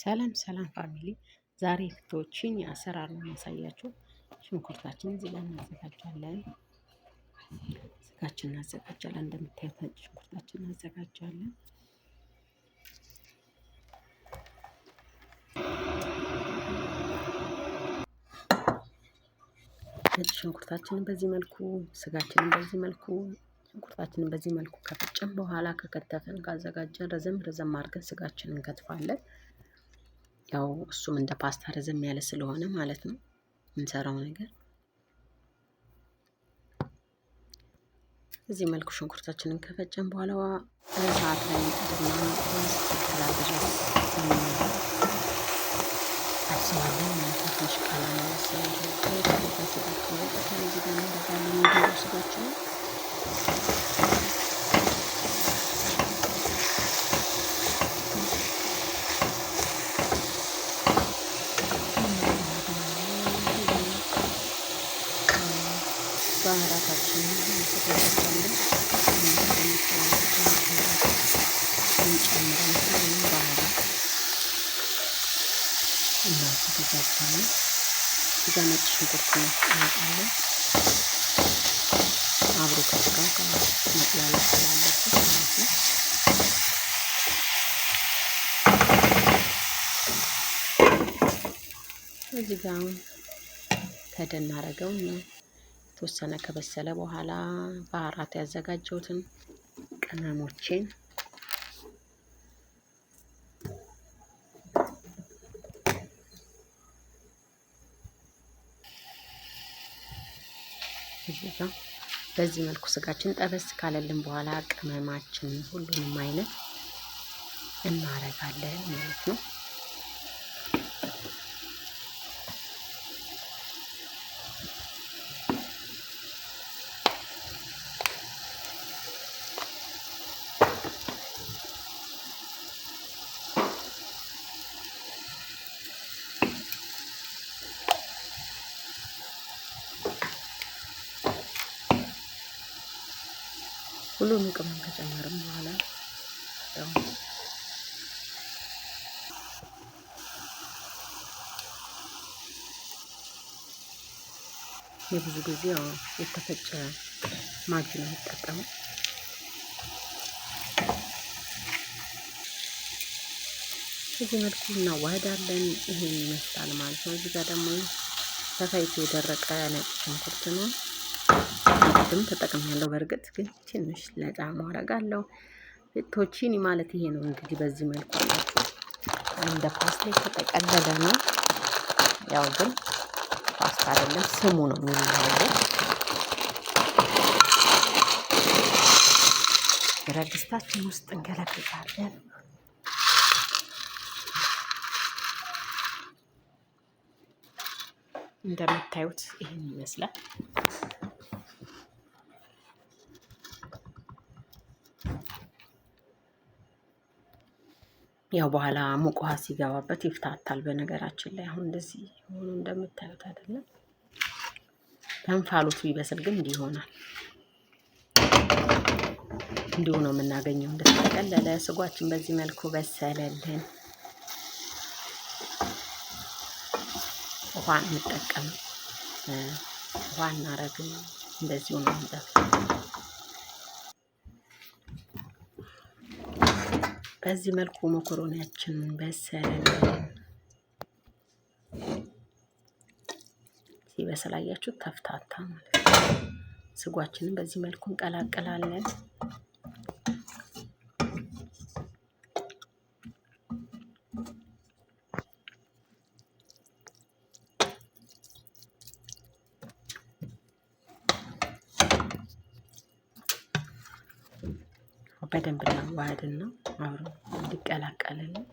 ሰላም ሰላም ፋሚሊ፣ ዛሬ ፍቶችን የአሰራር ነው ማሳያችሁ። ሽንኩርታችን እዚህ ጋር እናዘጋጃለን። ስጋችን እናዘጋጃለን። እንደምታዩት ነጭ ሽንኩርታችን እናዘጋጃለን። ነጭ ሽንኩርታችንን በዚህ መልኩ፣ ስጋችንን በዚህ መልኩ፣ ሽንኩርታችንን በዚህ መልኩ ከፈጨን በኋላ ከከተፈን ካዘጋጀን ረዘም ረዘም አድርገን ስጋችንን እንከትፋለን። ያው እሱም እንደ ፓስታ ረዘም ያለ ስለሆነ ማለት ነው የምንሰራው ነገር። እዚህ መልኩ ሽንኩርታችንን ከፈጨን በኋላ ሰዓት ላይ ጥድና እንደምትሆኑ ባህራ እናቱ ተዛብታለ። እዛ ነጭ ሽንኩርት እናጣለን አብሮ ከስጋው ስላለበት ማለት ነው። እዚህ ጋ ከደን አረገው እና የተወሰነ ከበሰለ በኋላ ባህራት ያዘጋጀሁትን ቅመሞቼን ማለት ነው። በዚህ መልኩ ስጋችን ጠበስ ካለልን በኋላ ቅመማችን ሁሉንም አይነት እናረጋለን ማለት ነው። ሁሉንም ቅመም ከጨመርም በኋላ ያው የብዙ ጊዜ ያው የተፈጨ ማጅ ነው የሚጠቀመው። እዚህ መልኩ እናዋህዳለን። ይሄን ይመስላል ማለት ነው። እዚህ ጋር ደግሞ ተፈጭቶ የደረቀ ነጭ ሽንኩርት ነው። ቅድም ተጠቅም ያለው በእርግጥ ግን ትንሽ ለጣም አረጋለሁ። ቶቺኒ ማለት ይሄ ነው እንግዲህ በዚህ መልኩ እንደ ፓስታ የተጠቀለለ ነው። ያው ግን ፓስታ አይደለም ስሙ ነው የሚለው። ረግስታችን ውስጥ እንገለብጣለን። እንደምታዩት ይህን ይመስላል። ያው በኋላ ሙቅ ውሃ ሲገባበት ይፍታታል። በነገራችን ላይ አሁን እንደዚህ ሆኖ እንደምታዩት አይደለም። በእንፋሎቱ ቢበስል ግን እንዲህ ይሆናል። እንዲሁ ነው የምናገኘው። እንደተጠቀለለ ስጓችን በዚህ መልኩ በሰለልን። ውሃ እንጠቀም፣ ውሃ እናረግም። እንደዚሁ ነው። በዚህ መልኩ መኮሮኒያችን በሰለ ሲበስል አያችሁ ማለት ነው። ስጓችንን በዚህ መልኩ እንቀላቅላለን። በደንብ ነው አብሮ እንዲቀላቀልልን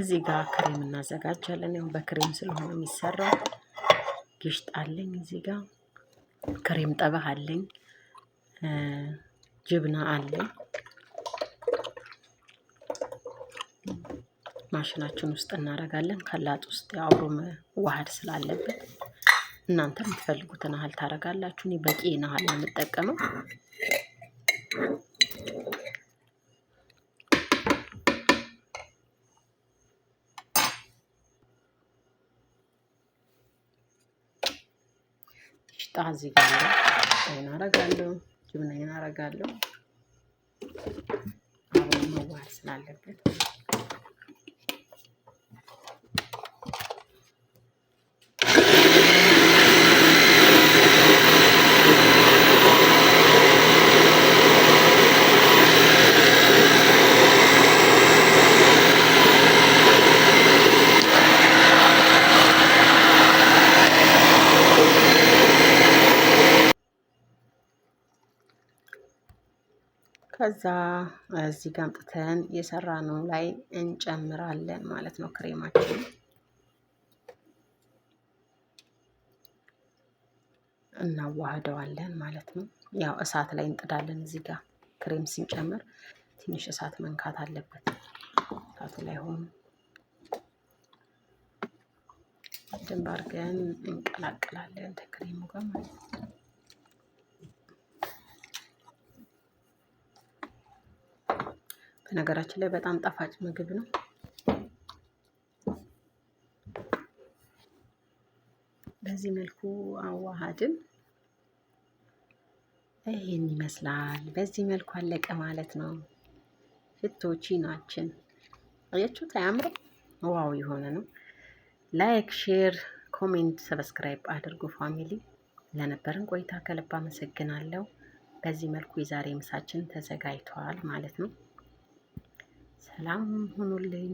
እዚህ ጋር ክሬም እናዘጋጃለን። ያው በክሬም ስለሆነ የሚሰራው ጊሽጥ አለኝ እዚህ ጋር ክሬም ጠበህ አለኝ፣ ጅብና አለኝ። ማሽናችን ውስጥ እናደርጋለን። ከላጥ ውስጥ አብሮ መዋሃድ ስላለበት እናንተ የምትፈልጉትን ያህል ታደርጋላችሁ። እኔ በቂ ያህል ነው የምጠቀመው። ሽጣ እዚህ ጋር ይሄን አረጋለሁ፣ ጅብናዬን አረጋለሁ። አብሮ መዋሃድ ስላለበት ከዛ እዚህ ጋር አምጥተን ነው ላይ እንጨምራለን ማለት ነው ክሬማችን እናዋህደዋለን ማለት ነው። ያው እሳት ላይ እንጥዳለን። እዚህ ጋር ክሬም ስንጨምር ትንሽ እሳት መንካት አለበት። እሳቱ ላይ ሆኑ ድንባር ግን እንቀላቅላለን ተክሬሙ ጋር ማለት ነው። በነገራችን ላይ በጣም ጣፋጭ ምግብ ነው። በዚህ መልኩ አዋሃድን ይህን ይመስላል። በዚህ መልኩ አለቀ ማለት ነው። ሽቶቺ ናችን አያችሁት፣ አያምርም? ዋው የሆነ ነው። ላይክ፣ ሼር፣ ኮሜንት፣ ሰብስክራይብ አድርጉ ፋሚሊ። ለነበረን ቆይታ ከልብ አመሰግናለሁ። በዚህ መልኩ የዛሬ ምሳችን ተዘጋጅቷል ማለት ነው። ሰላም ሁኑልኝ።